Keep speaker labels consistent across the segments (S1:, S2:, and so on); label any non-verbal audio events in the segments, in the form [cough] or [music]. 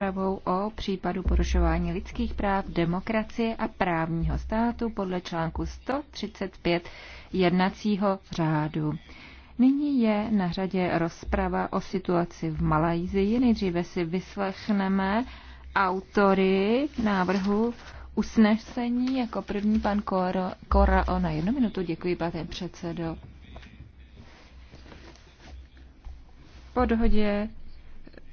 S1: rozpravou o případu porušování lidských práv, demokracie a právního státu podle článku 135 jednacího řádu. Nyní je na řadě rozprava o situaci v Malajzii. Nejdříve si vyslechneme autory návrhu usnesení. Jako první pan Kora, Kora o na jednu minutu. Děkuji, pane předsedo. Po dohodě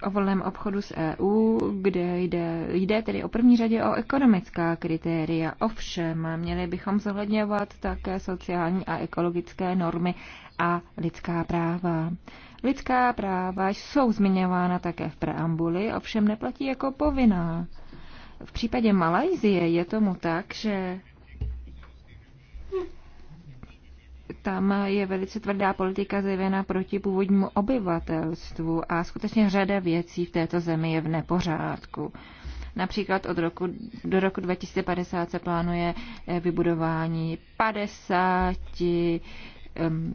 S1: o volném obchodu s EU, kde jde, jde tedy o první řadě o ekonomická kritéria. Ovšem, měli bychom zohledňovat také sociální a ekologické normy a lidská práva. Lidská práva jsou zmiňována také v preambuli, ovšem neplatí jako povinná. V případě Malajzie je tomu tak, že tam je velice tvrdá politika zejména proti původnímu obyvatelstvu a skutečně řada věcí v této zemi je v nepořádku. Například od roku, do roku 2050 se plánuje eh, vybudování 50 um,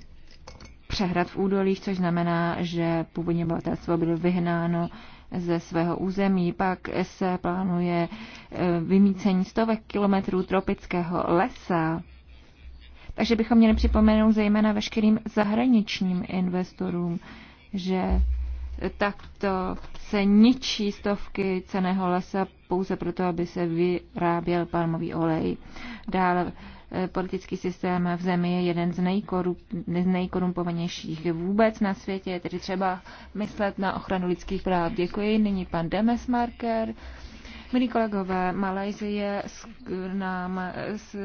S1: přehrad v údolích, což znamená, že původní obyvatelstvo bylo vyhnáno ze svého území. Pak se plánuje eh, vymícení stovek kilometrů tropického lesa takže bychom měli připomenout zejména veškerým zahraničním investorům, že takto se ničí stovky ceného lesa pouze proto, aby se vyráběl palmový olej. Dále eh, politický systém v zemi je jeden z, nejkorup, z nejkorumpovanějších vůbec na světě, tedy třeba myslet na ochranu lidských práv. Děkuji. Nyní pan Demesmarker. Marker. Milí kolegové, Malajzie nám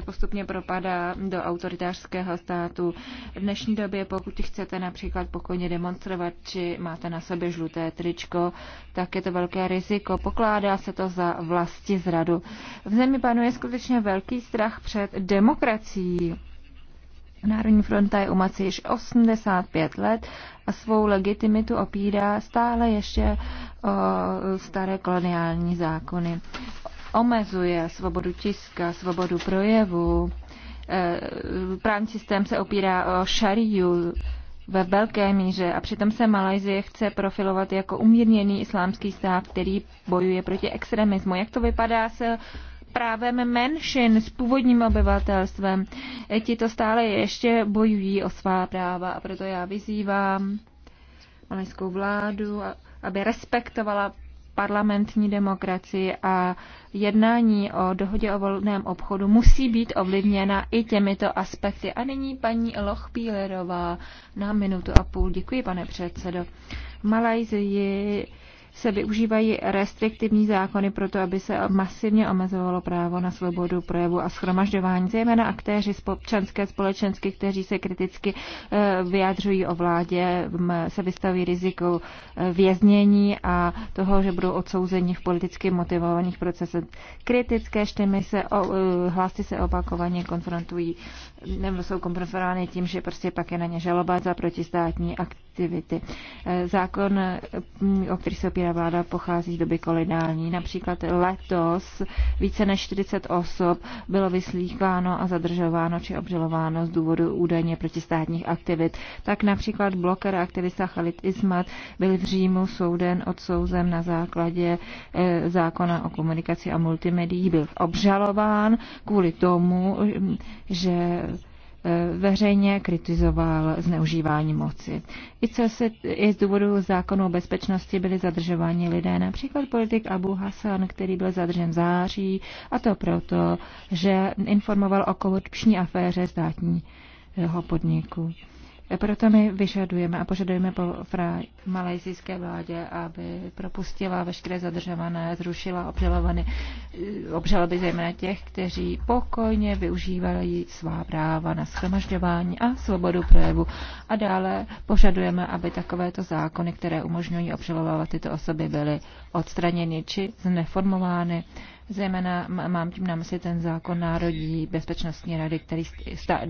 S1: postupně propadá do autoritářského státu. V dnešní době, pokud chcete například pokojně demonstrovat, či máte na sobě žluté tričko, tak je to velké riziko. Pokládá se to za vlasti zradu. V zemi panuje skutečně velký strach před demokracií. Národní fronta je u moci již 85 let a svou legitimitu opírá stále ještě o staré koloniální zákony. Omezuje svobodu tiska, svobodu projevu. E, právní systém se opírá o šariu ve velké míře a přitom se Malajzie chce profilovat jako umírněný islámský stát, který bojuje proti extremismu. Jak to vypadá se právem menšin, s původním obyvatelstvem. E, ti to stále ještě bojují o svá práva a proto já vyzývám malajskou vládu, aby respektovala parlamentní demokracii a jednání o dohodě o volném obchodu musí být ovlivněna i těmito aspekty. A nyní paní Lochpílerová na minutu a půl. Děkuji, pane předsedo. V Malajzii se využívají restriktivní zákony proto, aby se masivně omezovalo právo na svobodu projevu a schromažďování, zejména aktéři z občanské společensky, kteří se kriticky eh, vyjadřují o vládě, se vystaví riziku eh, věznění a toho, že budou odsouzeni v politicky motivovaných procesech. Kritické štymy se, o, eh, hlasy se opakovaně konfrontují, nebo jsou konfrontovány tím, že prostě pak je na ně žaloba za protistátní akt aktivity. Eh, zákon, mm, o který se opírá vláda, pochází z doby kolidální. Například letos více než 40 osob bylo vyslíkáno a zadržováno či obžalováno z důvodu údajně protistátních aktivit. Tak například bloker aktivista Khalid Ismat byl v Římu souden odsouzen na základě eh, zákona o komunikaci a multimedií, Byl obžalován kvůli tomu, že veřejně kritizoval zneužívání moci. I, co se, i z důvodu zákonu o bezpečnosti byli zadržováni lidé, například politik Abu Hassan, který byl zadržen v září, a to proto, že informoval o korupční aféře státního podniku. Proto my vyžadujeme a požadujeme po malajzijské vládě, aby propustila veškeré zadržované, zrušila obžalované, obžaloby zejména těch, kteří pokojně využívají svá práva na schromažďování a svobodu projevu. A dále požadujeme, aby takovéto zákony, které umožňují obžalovat tyto osoby, byly odstraněny či zneformovány. Zejména mám tím na mysli ten zákon Národní bezpečnostní rady, který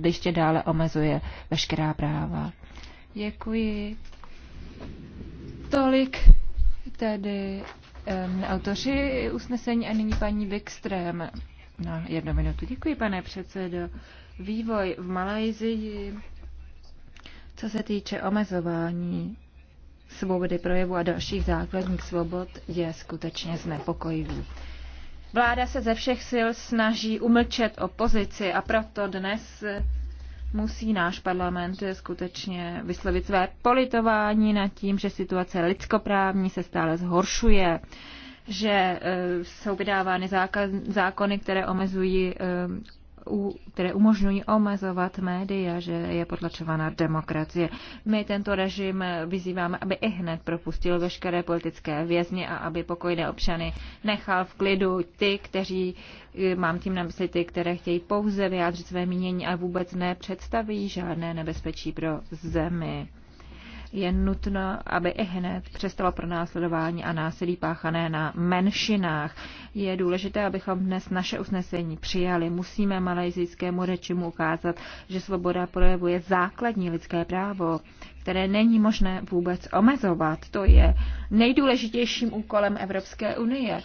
S1: ještě dále omezuje veškerá práva. Děkuji. Tolik tedy um, autoři usnesení a nyní paní Wikström. Na jednu minutu. Děkuji, pane předsedo. Vývoj v Malajzii, co se týče omezování svobody projevu a dalších základních svobod, je skutečně znepokojivý. Vláda se ze všech sil snaží umlčet opozici a proto dnes musí náš parlament skutečně vyslovit své politování nad tím, že situace lidskoprávní se stále zhoršuje, že eh, jsou vydávány zákony, které omezují eh, které umožňují omezovat média, že je potlačována demokracie. My tento režim vyzýváme, aby i hned propustil veškeré politické vězně a aby pokojné občany nechal v klidu ty, kteří, eh, mám tím na mysli ty, které chtějí pouze vyjádřit své mínění a vůbec nepředstaví žádné nebezpečí pro zemi je nutno, aby i hned přestalo pronásledování a násilí páchané na menšinách. Je důležité, abychom dnes naše usnesení přijali. Musíme malajzijskému rečimu ukázat, že svoboda projevuje základní lidské právo, které není možné vůbec omezovat. To je nejdůležitějším úkolem Evropské unie.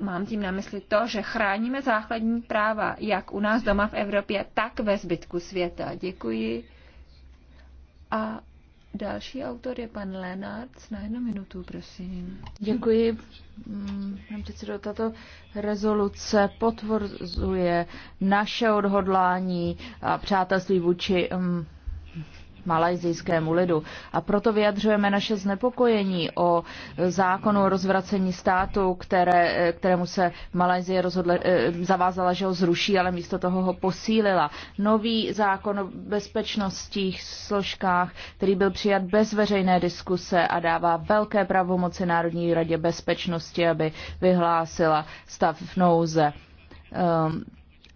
S1: Mám tím na mysli to, že chráníme základní práva jak u nás doma v Evropě, tak ve zbytku světa. Děkuji. A Další autor je pan Lenard. Na jednu minutu, prosím. Děkuji. Mm,
S2: pane předsedo, tato rezoluce potvrzuje naše odhodlání a přátelství vůči mm, malajzijskému lidu. A proto vyjadřujeme naše znepokojení o zákonu o rozvracení státu, které, eh, kterému se Malajzie rozhodle, eh, zavázala, že ho zruší, ale místo toho ho posílila. Nový zákon o bezpečnostních složkách, který byl přijat bez veřejné diskuse a dává velké pravomoci Národní radě bezpečnosti, aby vyhlásila stav v nouze. Um,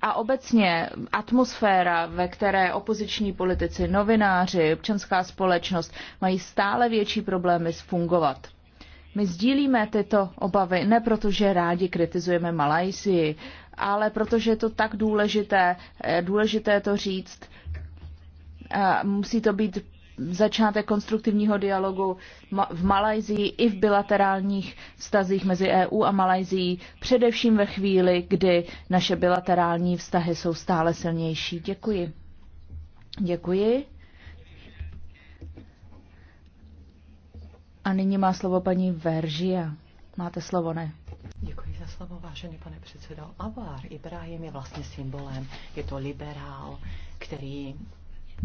S2: a obecně atmosféra, ve které opoziční politici, novináři, občanská společnost mají stále větší problémy s fungovat. My sdílíme tyto obavy ne proto, že rádi kritizujeme Malajsii, ale protože je to tak důležité, eh, důležité to říct, musí to být začátek konstruktivního dialogu v Malajzii i v bilaterálních vztazích mezi EU a Malajzií, především ve chvíli, kdy naše bilaterální vztahy jsou stále silnější. Děkuji. Děkuji. A nyní má slovo paní Veržia. Máte slovo, ne?
S3: Děkuji za slovo, vážený pane předsedo. Avar Ibrahim je vlastně symbolem. Je to liberál, který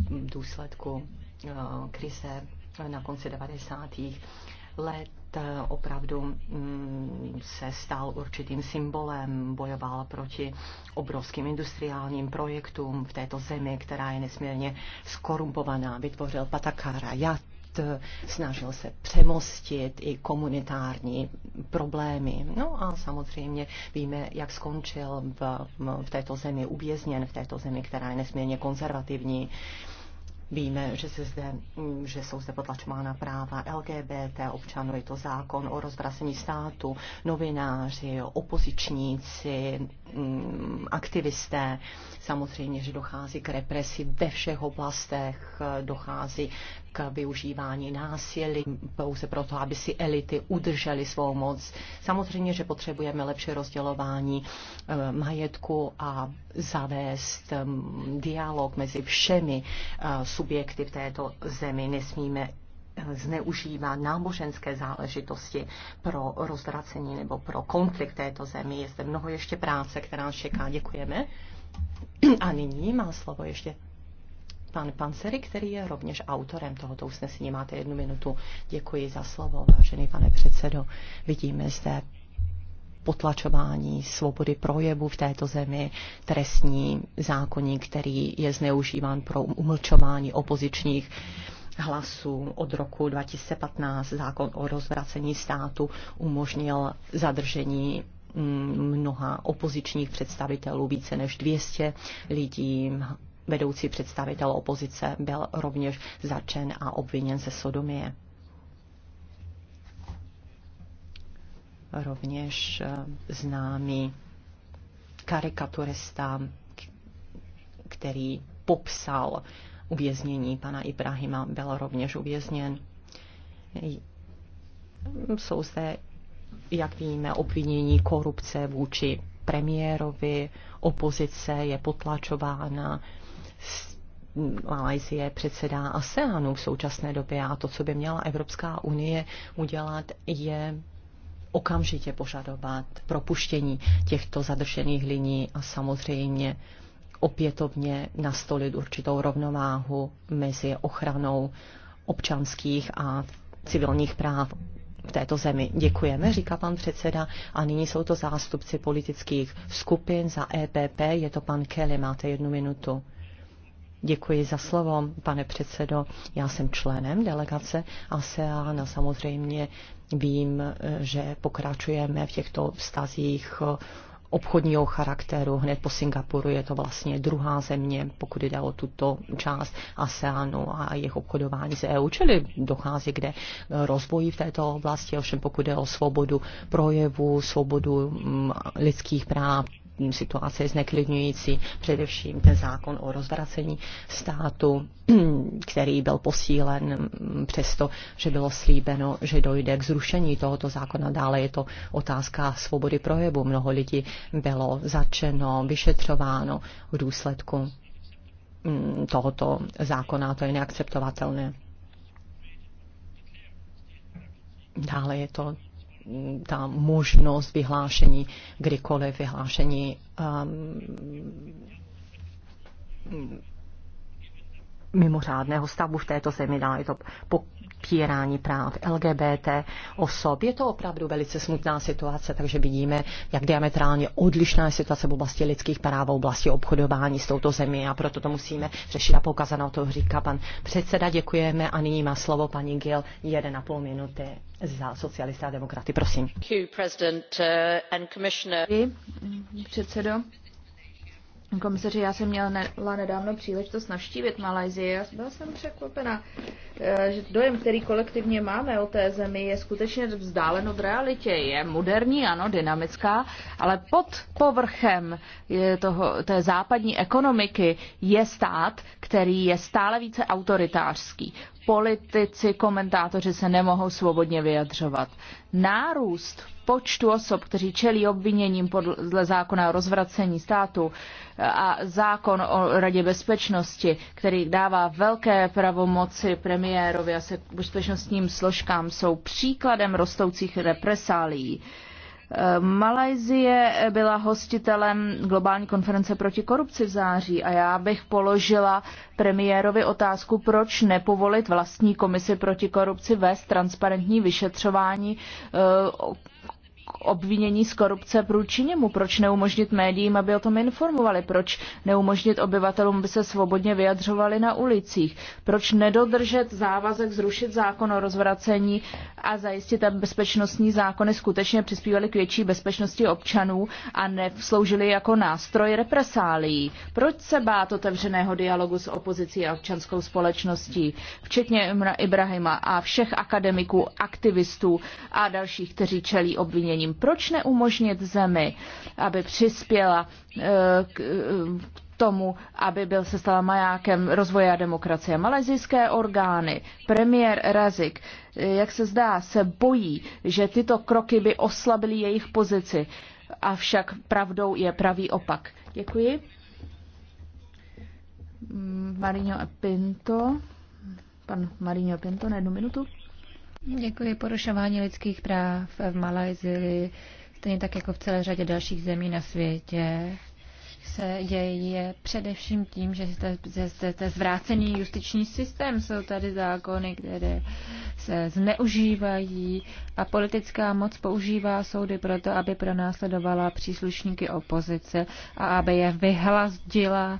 S3: v důsledku Eh, krize na konci 90. let eh, opravdu mm, se stal určitým symbolem, bojoval proti obrovským industriálním projektům v této zemi, která je nesmírně skorumpovaná. Vytvořil Patakara, Jat, snažil se přemostit i komunitární problémy. No a samozřejmě víme, jak skončil v, v této zemi uvězněn, v této zemi, která je nesmírně konzervativní. Uh, Víme, že, se zde, že jsou zde potlačována práva LGBT občanů, je to zákon o rozvracení státu, novináři, opozičníci, mm, aktivisté. Samozřejmě, že dochází k represi ve všech oblastech, dochází k využívání násilí pouze proto, aby si elity udržely svou moc. Samozřejmě, že potřebujeme lepší rozdělování eh, majetku a zavést eh, dialog mezi všemi eh, subjekty v této zemi. Nesmíme zneužívá náboženské záležitosti pro rozvracení nebo pro konflikt této zemi. Je zde mnoho ještě práce, která nás čeká. Děkujeme. [clears throat] A nyní má slovo ještě pan Panseri, který je rovněž autorem tohoto usnesení. Máte jednu minutu. Děkuji za slovo, vážený pane předsedo. Vidíme zde potlačování svobody projevu v této zemi, trestní zákoní, který je zneužíván pro umlčování opozičních hlasů od roku 2015. Zákon o rozvracení státu umožnil zadržení mm, mnoha opozičních představitelů, více než 200 lidí, vedoucí představitel opozice byl rovněž začen a obviněn ze sodomie. Rovněž eh, známý karikaturista, který popsal uvěznění pana Ibrahima, byl rovněž uvězněn. Jsou zde, jak víme, obvinění korupce vůči premiérovi, opozice je potlačována, Malajzie předsedá ASEANu v současné době a to, co by měla Evropská unie udělat, je okamžitě požadovat propuštění těchto zadržených liní a samozřejmě opětovně nastolit určitou rovnováhu mezi ochranou občanských a civilních práv v této zemi. Děkujeme, říká pan předseda. A nyní jsou to zástupci politických skupin za EPP. Je to pan Kelly, máte jednu minutu. Děkuji za slovo, pane předsedo. Já jsem členem delegace ASEAN a samozřejmě vím, že pokračujeme v těchto vztazích obchodního charakteru. Hned po Singapuru je to vlastně druhá země, pokud jde o tuto část ASEANu a jejich obchodování s EU, čili dochází kde rozvoji v této oblasti, ovšem pokud jde o svobodu projevu, svobodu mm, lidských práv, situace je zneklidňující, především ten zákon o rozvracení státu, [clears throat] který byl posílen mm, přesto, že bylo slíbeno, že dojde k zrušení tohoto zákona. Dále je to otázka svobody projevu. Mnoho lidí bylo zatčeno, vyšetřováno v důsledku mm, tohoto zákona. To je neakceptovatelné. Dále je to ta možnost vyhlášení, kdykoliv vyhlášení um, mimořádného stavu v této zemi, dále je to popírání práv LGBT osob. Je to opravdu velice smutná situace, takže vidíme, jak diametrálně odlišná je situace v oblasti lidských práv, v oblasti obchodování s touto zemí a proto to musíme řešit a poukazat na to, říká pan předseda. Děkujeme a nyní má slovo paní Gil půl minuty za socialista a demokraty. Prosím. Uh,
S2: Děkuji, předsedo
S3: komisaři, já jsem měla
S2: nedávno příležitost navštívit Malajzii a byla jsem překvapena, eh, že dojem, který kolektivně máme o té zemi, je skutečně vzdáleno v realitě. Je moderní, ano, dynamická, ale pod povrchem toho, té západní ekonomiky je stát, který je stále více autoritářský. Politici, komentátoři se nemohou svobodně vyjadřovat. Nárůst počtu osob, kteří čelí obviněním podle zákona o rozvracení státu a zákon o Radě bezpečnosti, který dává velké pravomoci premiérovi a se bezpečnostním složkám, jsou příkladem rostoucích represálí. Malajzie byla hostitelem globální konference proti korupci v září a já bych položila premiérovi otázku, proč nepovolit vlastní komisi proti korupci vést transparentní vyšetřování eh, obvinění z korupce průči němu? Proč neumožnit médiím, aby o tom informovali? Proč neumožnit obyvatelům, aby se svobodně vyjadřovali na ulicích? Proč nedodržet závazek zrušit zákon o rozvracení a zajistit, aby bezpečnostní zákony skutečně přispívaly k větší bezpečnosti občanů a nesloužily jako nástroj represálí? Proč se bát otevřeného dialogu s opozicí a občanskou společností, včetně Ibrahima a všech akademiků, aktivistů a dalších, kteří čelí obvinění? řešením. Proč neumožnit zemi, aby přispěla eh, k eh, tomu, aby byl se stala majákem rozvoje a demokracie. Malezijské orgány, premiér Razik, eh, jak se zdá, se bojí, že tyto kroky by oslabily jejich pozici. Avšak pravdou je pravý opak. Děkuji. Mm, Marino Pinto. Pan Marino Pinto na jednu minutu.
S1: Děkuji. Porušování lidských práv v Malajzii, stejně tak jako v celé řadě dalších zemí na světě, se děje především tím, že jste zvrácený justiční systém. Jsou tady zákony, které se zneužívají a politická moc používá soudy proto, aby pronásledovala příslušníky opozice a aby je vyhlazdila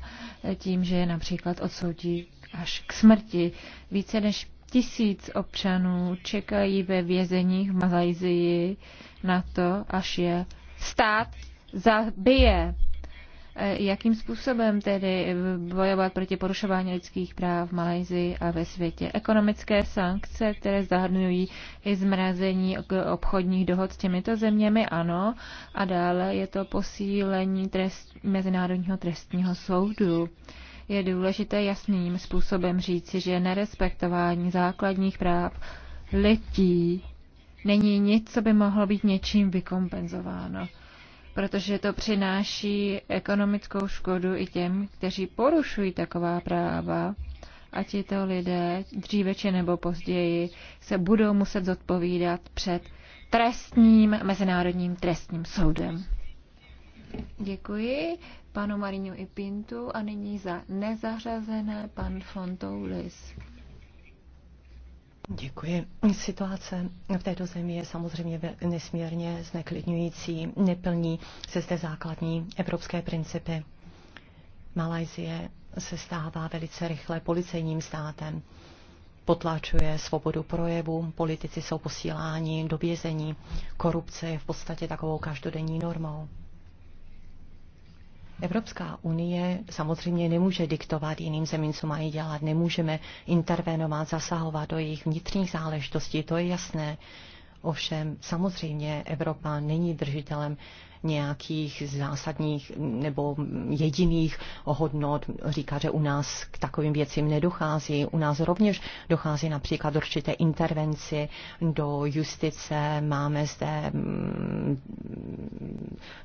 S1: tím, že je například odsoudí až k smrti. Více než tisíc občanů čekají ve vězeních v Malajzii na to, až je stát zabije. E, jakým způsobem tedy bojovat proti porušování lidských práv v Malajzii a ve světě? Ekonomické sankce, které zahrnují i zmrazení obchodních dohod s těmito zeměmi, ano. A dále je to posílení trest, Mezinárodního trestního soudu je důležité jasným způsobem říci, že nerespektování základních práv letí není nic, co by mohlo být něčím vykompenzováno, protože to přináší ekonomickou škodu i těm, kteří porušují taková práva a tito lidé dříve či nebo později se budou muset zodpovídat před trestním, mezinárodním trestním soudem. Děkuji panu Marinu i Pintu a nyní za nezařazené pan Fontoulis.
S3: Děkuji. Situace v této zemi je samozřejmě nesmírně zneklidňující, neplní se zde základní evropské principy. Malajzie se stává velice rychle policejním státem. Potlačuje svobodu projevu, politici jsou posíláni do vězení, korupce je v podstatě takovou každodenní normou. Evropská unie samozřejmě nemůže diktovat jiným zemím, co mají dělat. Nemůžeme intervenovat, zasahovat do jejich vnitřních záležitostí, to je jasné. Ovšem, samozřejmě Evropa není držitelem nějakých zásadních nebo jediných hodnot. Říká, že u nás k takovým věcím nedochází. U nás rovněž dochází například určité intervenci do justice. Máme zde, mm,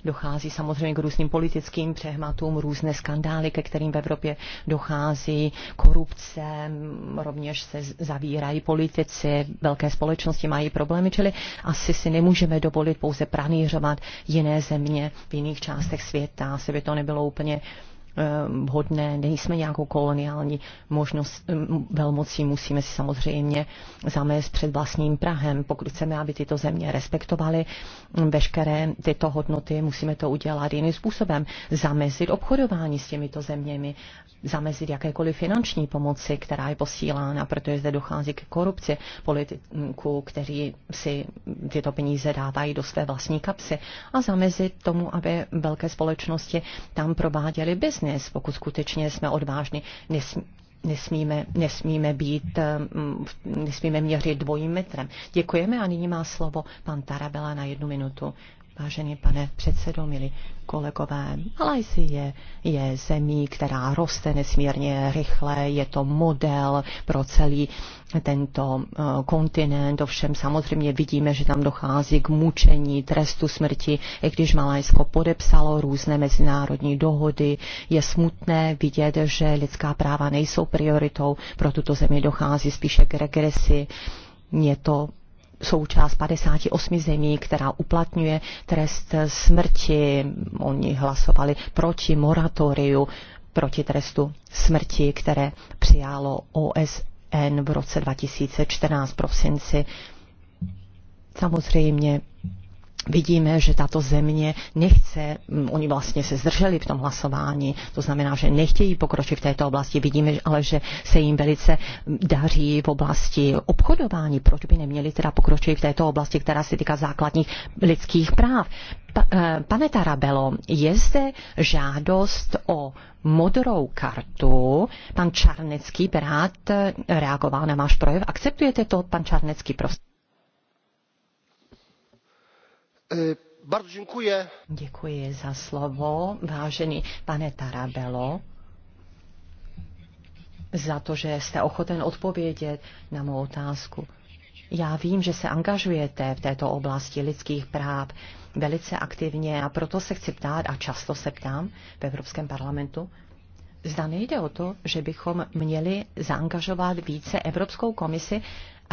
S3: dochází samozřejmě k různým politickým přehmatům, různé skandály, ke kterým v Evropě dochází, korupce, mm, rovněž se zavírají politici, velké společnosti mají problémy, čili asi si nemůžeme dovolit pouze pranířovat jiné země v jiných částech světa, se by to nebylo úplně Ehm, vhodné, nejsme nějakou koloniální možnost ehm, velmocí, musíme si samozřejmě zamést před vlastním Prahem. Pokud chceme, aby tyto země respektovaly ehm, veškeré tyto hodnoty, musíme to udělat jiným způsobem. Zamezit obchodování s těmito zeměmi, zamezit jakékoliv finanční pomoci, která je posílána, protože zde dochází k korupci politiků, kteří si tyto peníze dávají do své vlastní kapsy a zamezit tomu, aby velké společnosti tam prováděly bez business, vlastně, pokud skutečně jsme odvážní, nesmí, nesmíme, nesmíme být, mm, nesmíme měřit dvojím metrem. Děkujeme a nyní má slovo pan Tarabela na jednu minutu. Vážený pane předsedo, milí kolegové, Malajsie je, je zemí, která roste nesmírně rychle, je to model pro celý tento eh, kontinent, ovšem samozřejmě vidíme, že tam dochází k mučení, trestu smrti, i když Malajsko podepsalo různé mezinárodní dohody. Je smutné vidět, že lidská práva nejsou prioritou, pro tuto zemi dochází spíše k regresi. Je to součást 58 zemí, která uplatňuje trest smrti. Oni hlasovali proti moratoriu, proti trestu smrti, které přijalo OSN v roce 2014 prosinci. Samozřejmě vidíme, že tato země nechce, mm, oni vlastně se zdrželi v tom hlasování, to znamená, že nechtějí pokročit v této oblasti. Vidíme ale, že se jim velice mm, daří v oblasti obchodování. Proč by neměli teda pokročit v této oblasti, která se týká základních lidských práv? Eh, pane Tarabelo, je zde žádost o modrou kartu. Pan Čarnecký rád eh, reagoval na váš projev. Akceptujete to, pan Čarnecký, prosím? Eh, Děkuji za slovo, vážený pane tarabello za to, že jste ochoten odpovědět na mou otázku. Já vím, že se angažujete v této oblasti lidských práv velice aktivně a proto se chci ptát, a často se ptám v Evropském parlamentu, zda nejde o to, že bychom měli zaangažovat více Evropskou komisi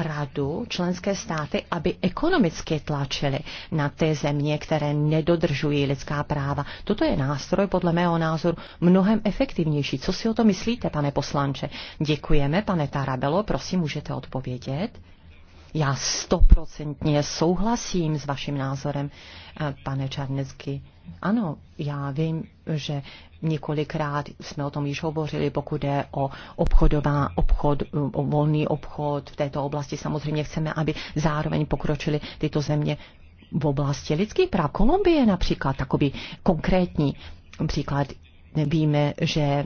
S3: radu, členské státy, aby ekonomicky tlačili na ty země, které nedodržují lidská práva. Toto je nástroj, podle mého názoru, mnohem efektivnější. Co si o to myslíte, pane poslanče? Děkujeme, pane Tarabelo, prosím, můžete odpovědět. Já stoprocentně souhlasím s vaším názorem, eh, pane Čarnecky. Ano, já vím, že několikrát jsme o tom již hovořili, pokud je o obchodová, obchod, eh, o volný obchod v této oblasti. Samozřejmě chceme, aby zároveň pokročily tyto země v oblasti lidských práv. Kolumbie například takový konkrétní příklad. Víme, že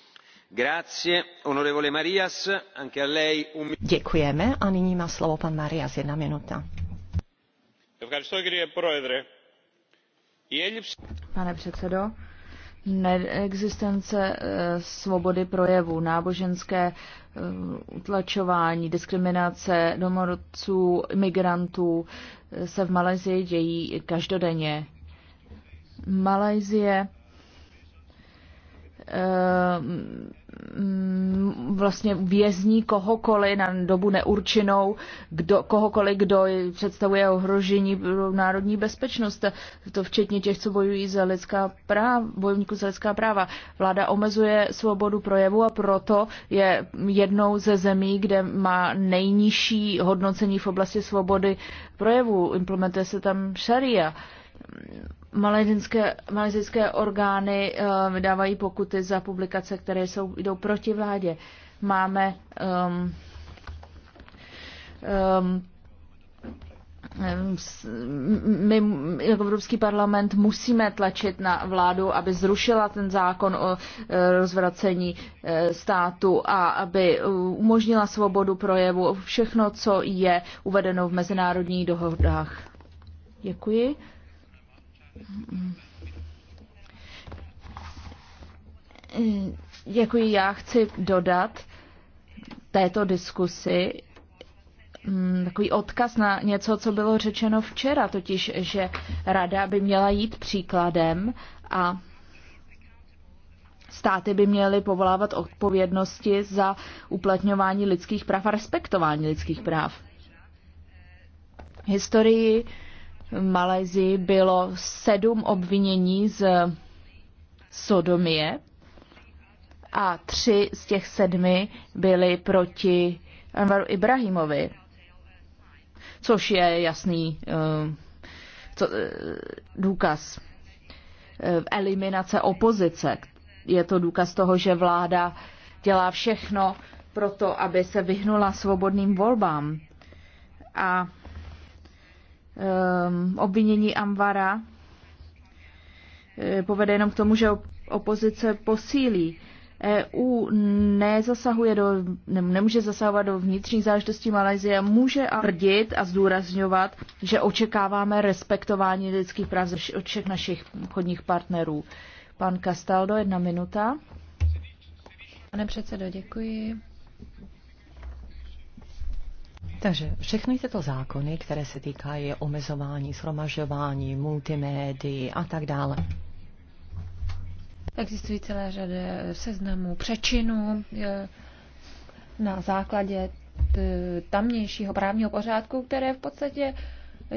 S4: Pane
S3: předsedo, neexistence
S2: eh, svobody projevu, náboženské eh, utlačování, diskriminace domorodců, imigrantů eh, se v Malajsii dějí každodenně. Malajsie. Eh, vlastně vězní kohokoliv na dobu neurčenou, kdo, kohokoliv, kdo představuje ohrožení pro národní bezpečnost, to včetně těch, co bojují za lidská práva, bojovníků za lidská práva. Vláda omezuje svobodu projevu a proto je jednou ze zemí, kde má nejnižší hodnocení v oblasti svobody projevu. Implementuje se tam šaria. Uh, Malajzijské orgány eh, vydávají pokuty za publikace, které jsou, jdou proti vládě. Máme um, um, my jako Evropský parlament musíme tlačit na vládu, aby zrušila ten zákon o eh, rozvracení eh, státu a aby umožnila svobodu projevu, všechno, co je uvedeno v mezinárodních dohodách. Děkuji. Děkuji, mm. jako já chci dodat této diskusi mm, takový odkaz na něco, co bylo řečeno včera, totiž, že rada by měla jít příkladem a státy by měly povolávat odpovědnosti za uplatňování lidských práv a respektování lidských práv. Historii Malézii bylo sedm obvinění z sodomie a tři z těch sedmi byly proti Anvaru Ibrahimovi, což je jasný eh, co, eh, důkaz eh, eliminace opozice. Je to důkaz toho, že vláda dělá všechno pro to, aby se vyhnula svobodným volbám. A Ehm, obvinění Amvara eh, povede jenom k tomu, že opozice posílí. EU nezasahuje do, nemůže zasahovat do vnitřních záležitostí Malajzie, může tvrdit a zdůrazňovat, že očekáváme respektování lidských práv od všech našich obchodních partnerů. Pan Castaldo, jedna minuta.
S1: Pane předsedo, děkuji.
S3: Takže všechny tyto zákony, které se týkají omezování, shromažování, multimédií a tak dále.
S1: Existují celé řady seznamů přečinů eh, na základě tamnějšího právního pořádku, které v podstatě eh,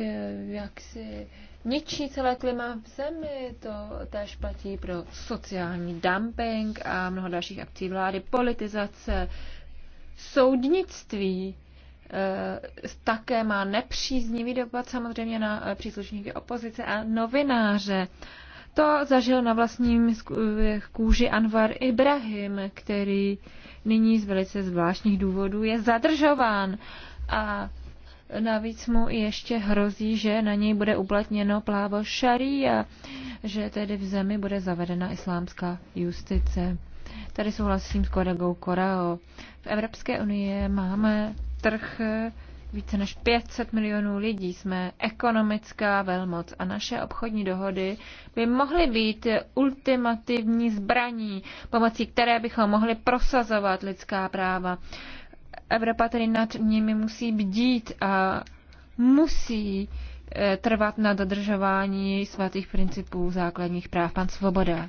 S1: jaksi ničí celé klima v zemi. To též platí pro sociální dumping a mnoho dalších akcí vlády, politizace, soudnictví. Eh, také má nepříznivý dopad samozřejmě na eh, příslušníky opozice a novináře. To zažil na vlastním eh, kůži Anwar Ibrahim, který nyní z velice zvláštních důvodů je zadržován. A Navíc mu ještě hrozí, že na něj bude uplatněno plávo a že tedy v zemi bude zavedena islámská justice. Tady souhlasím s kolegou Korao. V Evropské unii máme trh více než 500 milionů lidí. Jsme ekonomická velmoc a naše obchodní dohody by mohly být ultimativní zbraní, pomocí které bychom mohli prosazovat lidská práva. Evropa tedy nad nimi musí bdít a musí eh, trvat na dodržování svatých principů základních práv. Pan Svoboda.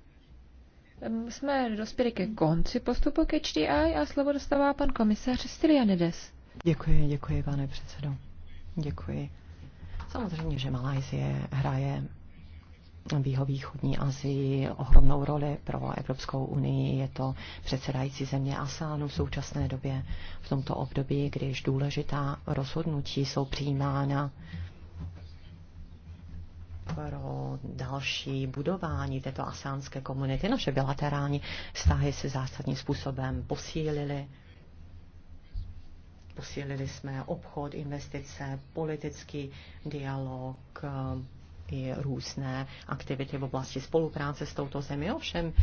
S1: jsme dospěli ke konci postupu ke HDI a slovo dostává pan komisař Stylianides.
S3: Děkuji, děkuji, pane předsedo. Děkuji. Samozřejmě, že Malajzie hraje v jihovýchodní Asii ohromnou roli pro Evropskou unii. Je to předsedající země ASEANu v současné době, v tomto období, když důležitá rozhodnutí jsou přijímána pro další budování této asánské komunity. Naše bilaterální vztahy se zásadním způsobem posílily. Posílili jsme obchod, investice, politický dialog, i různé aktivity v oblasti spolupráce s touto zemí. Ovšem,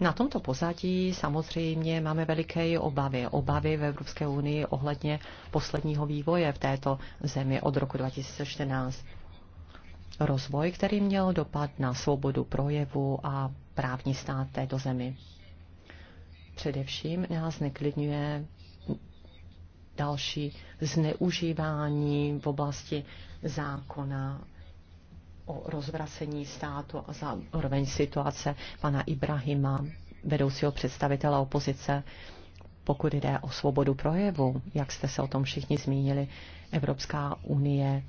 S3: na tomto pozadí samozřejmě máme veliké obavy. Obavy v Evropské unii ohledně posledního vývoje v této zemi od roku 2014 rozvoj, který měl dopad na svobodu projevu a právní stát této zemi. Především nás neklidňuje další zneužívání v oblasti zákona o rozvracení státu a zároveň situace pana Ibrahima, vedoucího představitele opozice, pokud jde o svobodu projevu, jak jste se o tom všichni zmínili, Evropská unie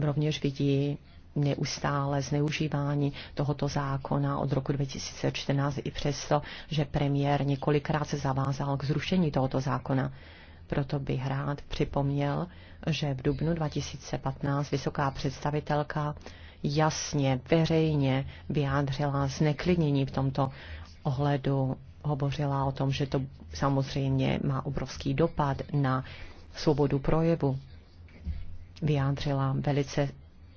S3: rovněž vidí neustále zneužívání tohoto zákona od roku 2014 i přesto, že premiér několikrát se zavázal k zrušení tohoto zákona. Proto bych rád připomněl, že v dubnu 2015 vysoká představitelka jasně, veřejně vyjádřila zneklidnění v tomto ohledu. Hovořila o tom, že to samozřejmě má obrovský dopad na svobodu projevu vyjádřila velice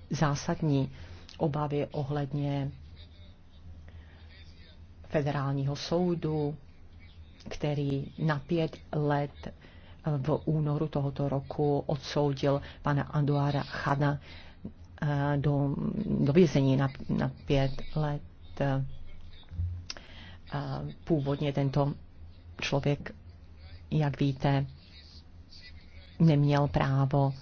S3: zásadní obavy ohledně federálního soudu, který na pět let v únoru tohoto roku odsoudil pana Anduara Chana eh, do, do vězení na, na pět let. Eh, původně tento člověk, jak víte, neměl právo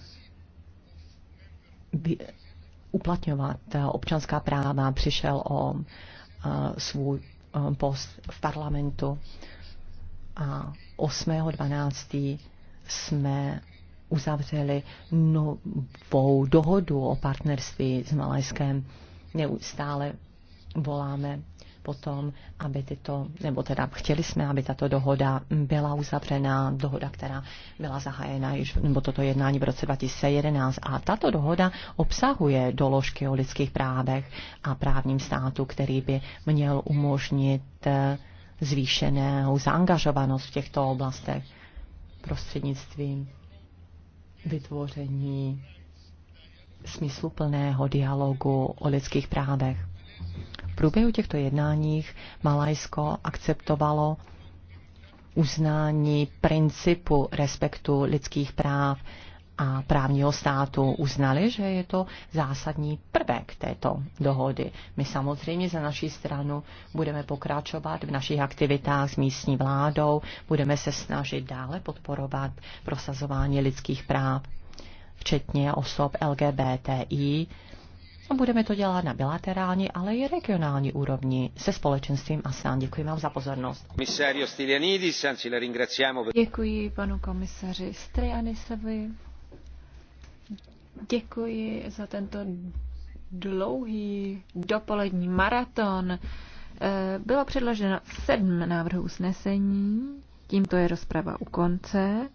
S3: uplatňovat eh, občanská práva, přišel o eh, svůj eh, post v parlamentu a 8.12. jsme uzavřeli novou dohodu o partnerství s Malajskem. Neustále voláme potom, aby tyto, nebo teda chtěli jsme, aby tato dohoda byla uzavřena, dohoda, která byla zahájena již, nebo toto jednání v roce 2011. A tato dohoda obsahuje doložky o lidských právech a právním státu, který by měl umožnit eh, zvýšenou zaangažovanost v těchto oblastech prostřednictvím vytvoření smysluplného dialogu o lidských právech. V průběhu těchto jednáních Malajsko akceptovalo uznání principu respektu lidských práv a právního státu uznali, že je to zásadní prvek této dohody. My samozřejmě za naší stranu budeme pokračovat v našich aktivitách s místní vládou, budeme se snažit dále podporovat prosazování lidských práv, včetně osob LGBTI, a budeme to dělat na bilaterální, ale i regionální úrovni se společenstvím ASEAN. Děkuji vám za pozornost. Děkuji panu
S1: komisaři Strianisovi. Děkuji za tento dlouhý dopolední maraton. Eh, bylo předloženo sedm návrhů usnesení. Tímto je rozprava u konce.